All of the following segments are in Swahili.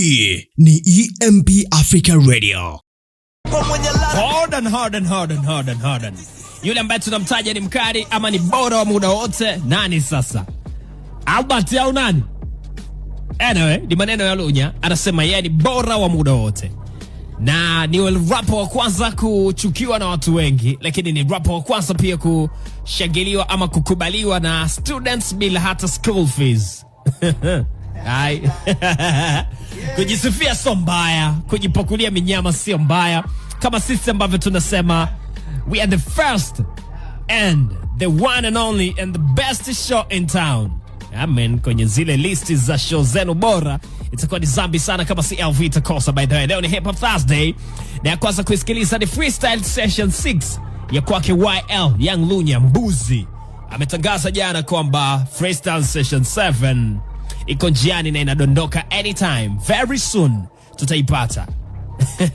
Hii ni EMP Africa Radio. Harden, Harden, Harden, Harden, Harden. Yule ambaye tunamtaja ni mkali ama ni bora wa muda wote, nani sasa? Albert au nani? Anyway, ni maneno ya Lunya, anasema yeye ni bora wa muda wote na ni rapa wa kwanza kuchukiwa na watu wengi, lakini ni rapa wa kwanza pia kushangiliwa ama kukubaliwa na students bila hata school fees Ai. Kujisifia sio mbaya, kujipakulia minyama sio mbaya, kama sisi ambavyo tunasema we are the first and the one and only and the best show in town. Amen. Kwenye zile listi za show zenu bora itakuwa ni zambi sana kama si LV itakosa. By the way, leo ni Hip Hop Thursday na ya kwanza kuisikiliza ni Freestyle Session 6 ya kwake YL Young Lunya Mbuzi. Ametangaza jana kwamba Freestyle Session 7 iko njiani na inadondoka anytime very soon tutaipata.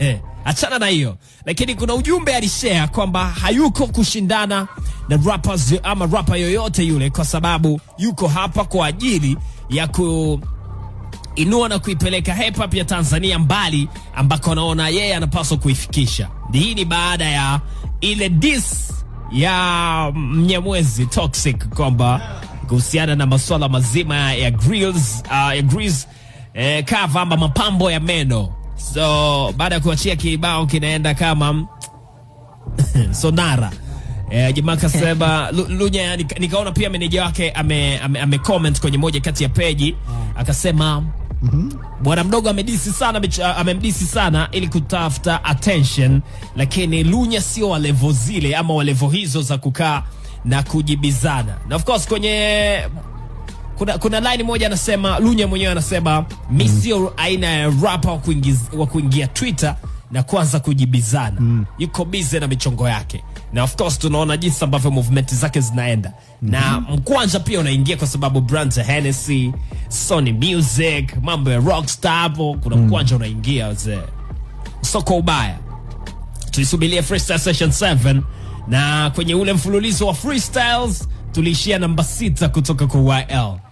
Achana na hiyo lakini, kuna ujumbe alishare kwamba hayuko kushindana na rappers ama rapper yoyote yule, kwa sababu yuko hapa kwa ajili ya kuinua na kuipeleka hip hop ya Tanzania mbali ambako anaona yeye anapaswa kuifikisha. Hii ni baada ya ile dis ya Mnyamwezi Toxic kwamba kuhusiana na masuala mazima ya grills, uh, ya grills, eh, cover ama mapambo ya meno. So baada ya kuachia kibao kinaenda kama sonara eh, jamaa kasema Lunya nikaona pia meneja wake ame, ame, ame comment kwenye moja kati ya peji akasema Mm -hmm. Bwana mdogo amedisi sana uh, amemdisi sana ili kutafuta attention, lakini Lunya sio wa zile ama wa hizo za kukaa na kujibizana, na of course kwenye kuna, kuna line moja anasema Lunya mwenyewe anasema mi mm. sio mm. aina ya rapa wa kuingia Twitter na kuanza kujibizana mm. yuko bize na michongo yake, na of course tunaona jinsi ambavyo movement zake zinaenda mm -hmm. na mkwanja pia unaingia kwa sababu Brand Hennessy, Sony Music, mambo ya Rockstar hapo kuna mm. mkwanja unaingia wazee, soko ubaya, tuisubirie Freestyle Session 7 na kwenye ule mfululizo wa freestyles tuliishia namba sita kutoka kwa YL.